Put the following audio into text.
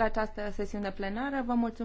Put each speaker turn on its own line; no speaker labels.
la această sesiune
plenară. Vă mulțumesc.